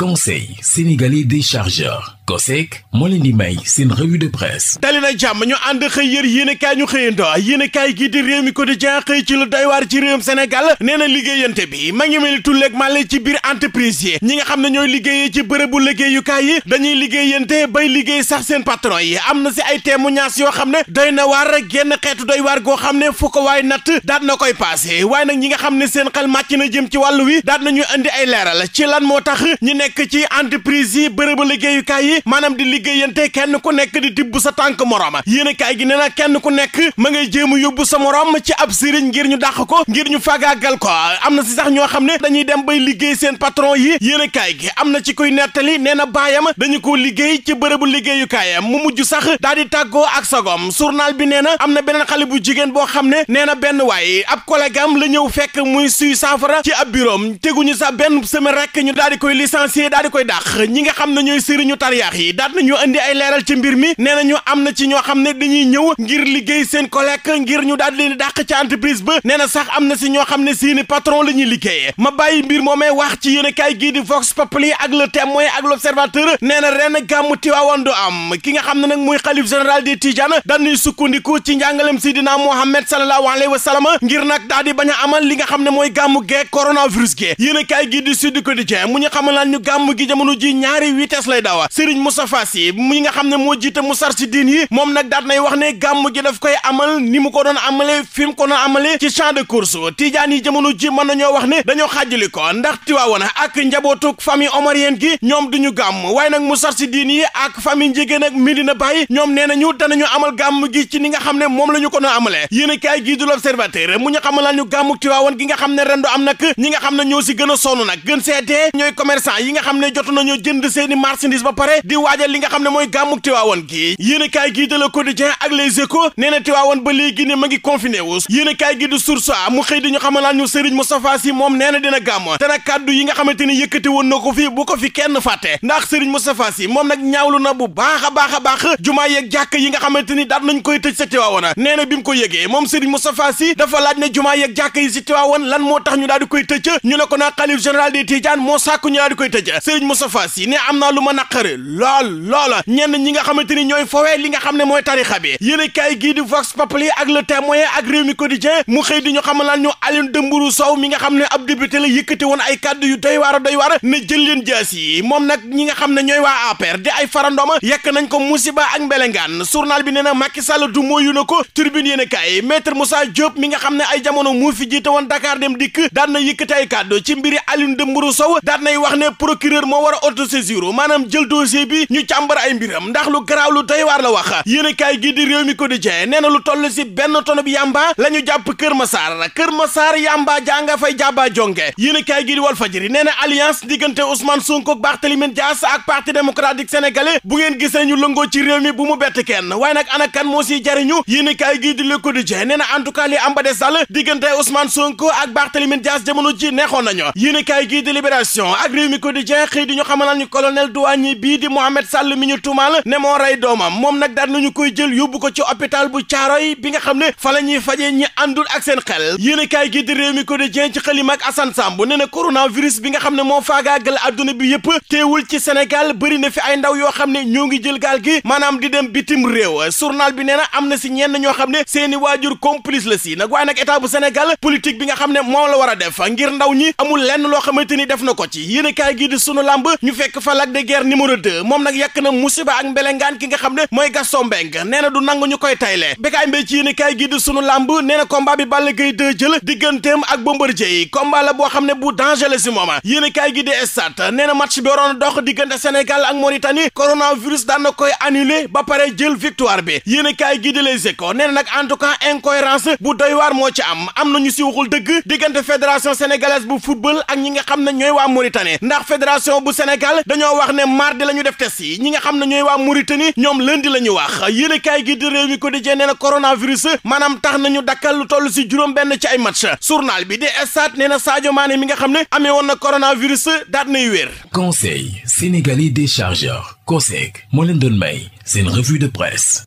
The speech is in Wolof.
conseil sénégalais des chargeurs COSEC moo leen di may seen revue de presse dali na jàmm ñu ànd xëy yër yéen kaay ñu xëyanto yéen kaay gii di réew mi quotidien xëy ci lu doy waar ci réewum Sénégal nee na liggéeyante bi ma ngi mel tulleeg male ci biir entreprise yi ñi nga xam ne ñooy liggéeyee ci bërëbu liggéeyukaay yi dañuy liggéeyante bay liggéey sax seen patron yi am na si ay témoignages yoo xam ne doy na waar genn xeetu doy waar goo xam ne fu ko waay natt daat na koy passé waaye nag ñi nga xam ne seen xel màcc na jëm ci wàllu wi daat nañu indi ay leeral ci lan moo tax nekk ci entreprise yi bërëb liggéeyukaay yi maanaam di liggéeyante kenn ku nekk di tibb sa tànk morom yéen a kaay gi nee na kenn ku nekk ma ngay jéem a yóbbu sa morom ci ab sëriñ ngir ñu dàq ko ngir ñu fagaagal ko am na si sax ñoo xam ne dañuy dem bay liggéey seen patron yi yéen gi am na ci kuy nettali nee na baayam dañu ko liggéey ci bërëbu liggéeyukaayam mu mujj sax daal di tàggoo ak sagom journal bi nee na am na beneen xale bu jigéen boo xam ne nee na benn waay ab collègue am la ñëw fekk muy suy saafara ci ab bureau teguñu sax benn semaine financier daal di koy dàq ñi nga xam na ñooy sëriñu tariyaax yi daal nañu indi ay leeral ci mbir mi nee na ñu am na ci ñoo xam ne dañuy ñëw ngir liggéey seen collègue ngir ñu daal di leen dàq ci entreprise ba nee na sax am na si ñoo xam ne seeni patron la ñuy liggéeyee ma bàyyi mbir moomee wax ci yéen kaay gii di Vox Populi ak Le Témoin ak L'Observateur nee na ren gàmmu Tiwaawan du am ki nga xam ne nag muy xalif général des Tidianes dañuy sukkandiku ci njàngalem Seydina Mohamed sallallahu alayhi wa sallam ngir nag daal di bañ a amal li nga xam ne mooy gàmmu gee coronavirus gee yéen kaay gii di gàmm gi jamono ji ñaari vitesse lay dawa Serigne Moustapha Sy mi nga xam ne moo mu jiite Moustarchidine yi moom nag daat nay wax ne gàmm gi daf koy amal ni mu ko doon amalee fi mu ko doon amalee ci champ de course Tijaan yi jamono ji mën nañoo wax ne dañoo xaajali ko ndax Tiwaawan ak njabootu njabootuk famille omarienne gi ñoom duñu gàmm waaye nag mu sar Moustarchidine yi ak famille Njigéen ak Medina Baye ñoom nee nañu danañu amal gàmm gi ci ni nga xam ne moom la ñu ko doon amalee yéen a kaay gii du gi nga xam ne ren du am ñi nga xam ne ñoo si gën a sonn nag gën seetee ñooy commerçant yi yi nga xam ne jot nañoo jënd seeni marchandise ba pare di waajal li nga xam ne mooy gàmmuk Tiwaawan gi yéen a kaay gii de Le Quotidien ak Les Échos nee na Tiwaawan ba léegi ne ma ngi confiné wu yéen a kaay gii di Source A mu xëy di ñu xamalaan ñu Serigne Moustapha Sy moom nee na dina gàmm te nag kàddu yi nga xamante ni yëkkati woon na ko fi bu ko fi kenn fàtte ndax Serigne Moustapha Sy moom nag ñaawlu na bu baax a baax a baax jumaa yeeg jàkk yi nga xamante ni daan nañ koy tëj sa Tiwaawan nee na bi lan moo tax ñu daal di koy tëj ñu ne ja Serigne Moustapha Sy ne am naa lu ma naqare lool loola ñenn ñi nga xamante ni ñooy fowee li nga xam ne mooy tarixa bi yéen kaay gii di a moom nag ñi nga xam ne ñooy waa APR di ay farandooma yekk nañ ko musiba ak mbelengaan journal bi nee na du mooyu na ko turbine yéen kaay maître Moussa Diop mi nga xam ne ay jamono mu fi jiite woon Dakar dem dikk daan na yëkkati ay kàddu ci mbiri Alioune Dembourou Sow daan nay wax ne procureur moo war a autosaisir maanaam jël dossier bi ñu càmbar ay mbiram ndax lu garaaw lu doy waar la wax la ñu jàpp Kër Massar Kër Massar yàmba jaa nga fay jàbbaa jonge yéen kaay gi di Walfadjri nee na alliance diggante Ousmane Sonko ak Barthélémy Dias ak parti démocratique sénégalais bu ngeen gisee ñu lëngoo ci réew mi bu di na en tout cas li quotidien xëy di ñu xamal ni colonel douanier bii di Mohamed Sall mi ñu tuumaal ne moo rey doomam moom nag daan nañu koy jël yóbbu ko ci hôpital bu Caaroy bi nga xam ne fa la ñuy fajee ñi àndul ak seen xel yéenekaay gi di mi Rewmi Quotidien ci xëlim ak Assane Samb nee na coronavirus bi nga xam ne moo faagaagal adduna bi yëpp teewul ci senegal bëri na fi ay ndaw yoo xam ne ñoo ngi jël gaal gi manaam di dem bitim réew journal bi nee na am na si ñenn ñoo xam ne seeni waajur complice la si nag waaye nag état bu Sénégal politique bi nga xam ne moom la war a def ngir ndaw ñi amul lenn loo xamante ni def na ko ci di sunu lamb ñu fekk fa Lac de Guiers numéro 2 moom nag yàq na musiba ak mbelengaan ki nga xam ne mooy ga Mbengue nee na du nangu ñu koy tayle bekaay mbéy ci yéen kaay gi di sunu lamb nee na combat bi Balla Gaye 2 jël digganteem ak Bombardier yi combat la boo xam ne bu danger la si mooma yéen kaay gi di stade nee na match bi waroon dox diggante Sénégal ak Mauritanie coronavirus daan na koy annulé le pare jël victoire bi yéen kaay gi di Les Échos nee na nag en tout cas incohérence bu doy waar moo ci am am na ñu si waxul dëgg diggante fédération sénégalaise bu football ak ñi nga xam ne ñooy waa Mauritanie ndax fédération bu Sénégal dañoo wax ne mardi la ñu def test yi ñi nga xam ne ñooy waa Mauritanie ñoom lundi la ñu wax yéen a kaay gi di réew mi quotidien nee maanaam tax nañu dakkal lu toll si juróom benn ci ay match journal bi di Stades nee na Sadio mi nga xam ne amee woon na coronavirus daat nay wér. Conseil sénégalais des chargeurs COSEC moo leen doon may seen revue de presse.